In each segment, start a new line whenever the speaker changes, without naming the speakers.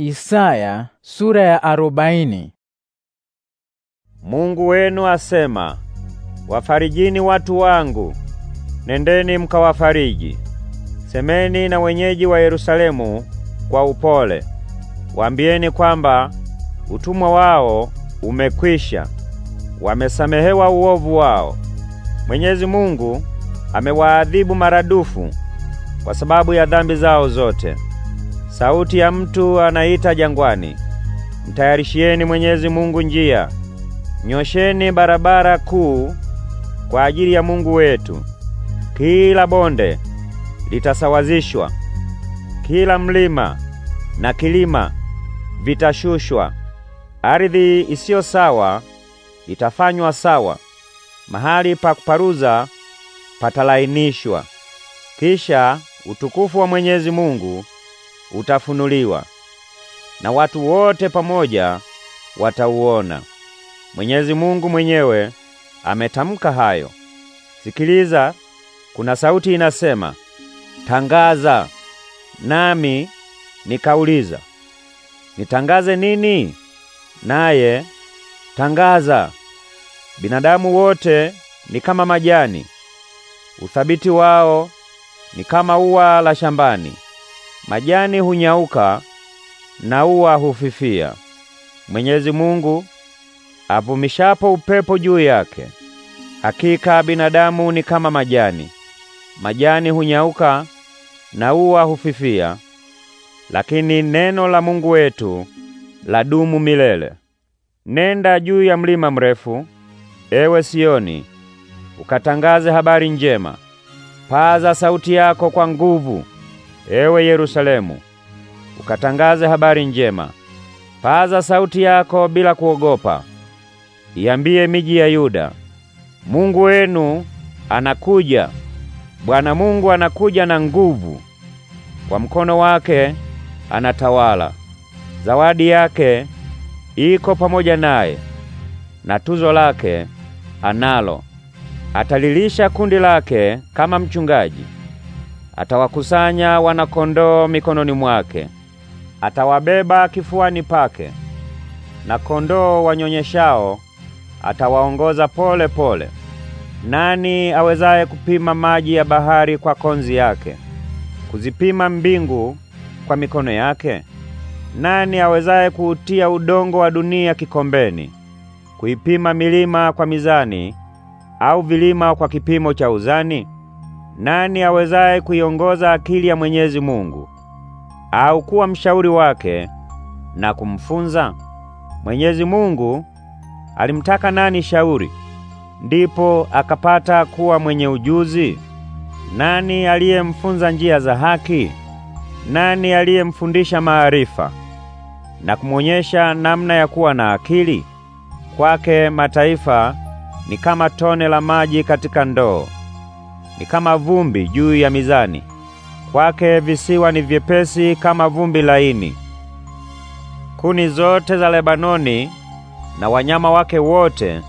Isaya sura ya arobaini. Mungu wenu asema, wafarijini watu wangu, nendeni mkawafariji. Semeni na wenyeji wa Yerusalemu kwa upole, waambieni kwamba utumwa wao umekwisha, wamesamehewa uovu wao. Mwenyezi Mungu amewaadhibu maradufu kwa sababu ya dhambi zao zote. Sauti ya mtu anaita jangwani, mtayarishieni Mwenyezi Mungu njia, nyosheni barabara kuu kwa ajili ya Mungu wetu. Kila bonde litasawazishwa, kila mlima na kilima vitashushwa. Ardhi isiyo sawa itafanywa sawa, mahali pa kuparuza patalainishwa. Kisha utukufu wa Mwenyezi Mungu utafunuliwa na watu wote pamoja watauona. Mwenyezi Mungu mwenyewe ametamka hayo. Sikiliza, kuna sauti inasema, tangaza. Nami nikauliza, nitangaze nini? Naye tangaza, binadamu wote ni kama majani, uthabiti wao ni kama ua la shambani. Majani hunyauka na ua hufifia. Mwenyezi Mungu avumishapo upepo juu yake. Hakika binadamu ni kama majani. Majani hunyauka na ua hufifia, lakini neno la Mungu wetu la dumu milele. Nenda juu ya mlima mrefu, ewe Sioni, ukatangaze habari njema. Paza sauti yako kwa nguvu, Ewe Yerusalemu, ukatangaze habari njema. Paza sauti yako bila kuogopa. Iambie miji ya Yuda, Mungu wenu anakuja. Bwana Mungu anakuja na nguvu. Kwa mkono wake anatawala. Zawadi yake iko pamoja naye na tuzo lake analo. Atalilisha kundi lake kama mchungaji. Atawakusanya wanakondoo mikononi mwake, atawabeba kifuani pake, na kondoo wanyonyeshao atawaongoza pole pole. Nani awezaye kupima maji ya bahari kwa konzi yake, kuzipima mbingu kwa mikono yake? Nani awezaye kuutia udongo wa dunia kikombeni, kuipima milima kwa mizani, au vilima kwa kipimo cha uzani? Nani awezaye kuiongoza akili ya Mwenyezi Mungu au kuwa mshauri wake na kumfunza? Mwenyezi Mungu alimtaka nani shauri, ndipo akapata kuwa mwenye ujuzi? Nani aliyemfunza njia za haki? Nani aliyemfundisha maarifa na kumwonyesha namna ya kuwa na akili? Kwake mataifa ni kama tone la maji katika ndoo ni kama vumbi juu ya mizani, kwake visiwa ni vyepesi kama vumbi laini. Kuni zote za Lebanoni na wanyama wake wote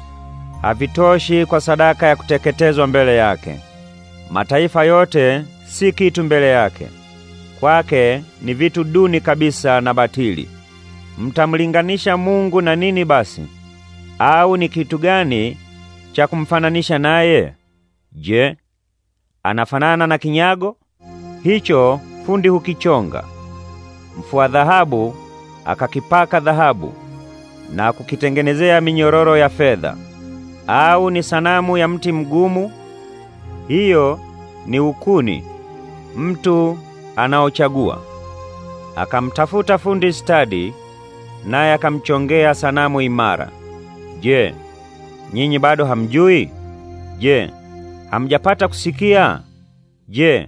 havitoshi kwa sadaka ya kuteketezwa mbele yake. Mataifa yote si kitu mbele yake, kwake ni vitu duni kabisa na batili. Mtamlinganisha Mungu na nini basi? Au ni kitu gani cha kumfananisha naye? Je, Anafanana na kinyago hicho fundi hukichonga. Mfua dhahabu akakipaka dhahabu na kukitengenezea minyororo ya fedha. Au ni sanamu ya mti mgumu, hiyo ni ukuni mtu anaochagua. Akamtafuta fundi stadi, naye akamchongea sanamu imara. Je, nyinyi bado hamjui? Je, hamjapata kusikia? Je,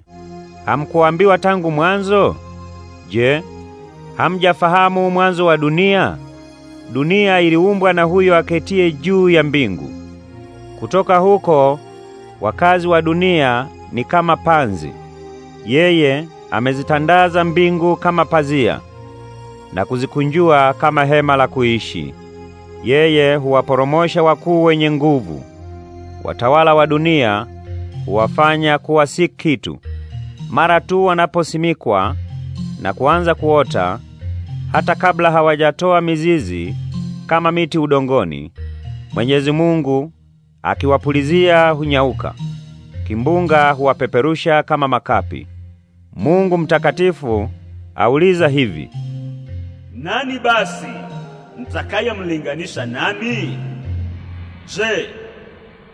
hamkuambiwa tangu mwanzo? Je, hamjafahamu mwanzo wa dunia? Dunia iliumbwa na huyo aketie juu ya mbingu. Kutoka huko wakazi wa dunia ni kama panzi. Yeye amezitandaza mbingu kama pazia na kuzikunjua kama hema la kuishi. Yeye huwaporomosha wakuu wenye nguvu, watawala wa dunia huwafanya kuwa si kitu mara tu wanaposimikwa na kuanza kuota, hata kabla hawajatoa mizizi kama miti udongoni. Mwenyezi Mungu akiwapulizia hunyauka, kimbunga huwapeperusha kama makapi. Mungu mtakatifu auliza hivi: nani basi mtakayemlinganisha nami? Je,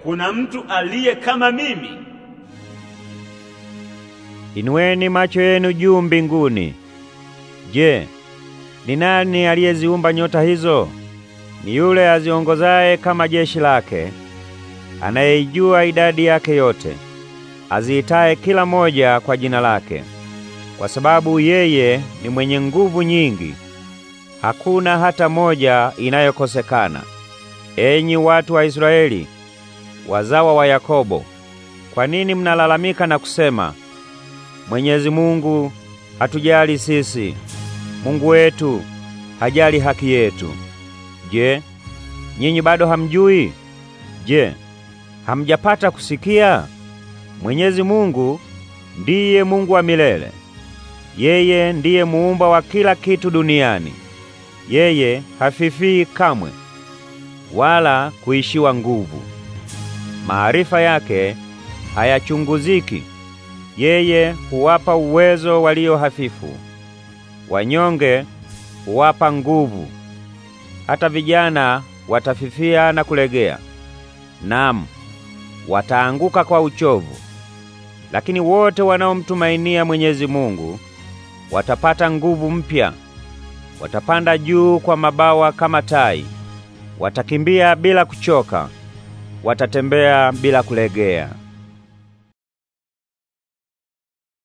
kuna mtu aliye kama mimi? Inueni macho yenu juu mbinguni. Je, ni nani aliyeziumba nyota hizo? Ni yule aziongozaye kama jeshi lake, anayeijua idadi yake yote, aziitaye kila moja kwa jina lake. Kwa sababu yeye ni mwenye nguvu nyingi, hakuna hata moja inayokosekana. Enyi watu wa Israeli, wazawa wa Yakobo, kwa nini mnalalamika na kusema, Mwenyezi Mungu hatujali sisi, Mungu wetu hajali haki yetu? Je, nyinyi bado hamjui? Je, hamjapata kusikia? Mwenyezi Mungu ndiye Mungu wa milele. Yeye ndiye muumba wa kila kitu duniani. Yeye hafifii kamwe wala kuishiwa nguvu. Maarifa yake hayachunguziki. Yeye huwapa uwezo walio hafifu, wanyonge huwapa nguvu. Hata vijana watafifia na kulegea, naam, wataanguka kwa uchovu. Lakini wote wanaomtumainia Mwenyezi Mungu watapata nguvu mpya, watapanda juu kwa mabawa kama tai, watakimbia bila kuchoka, watatembea bila kulegea.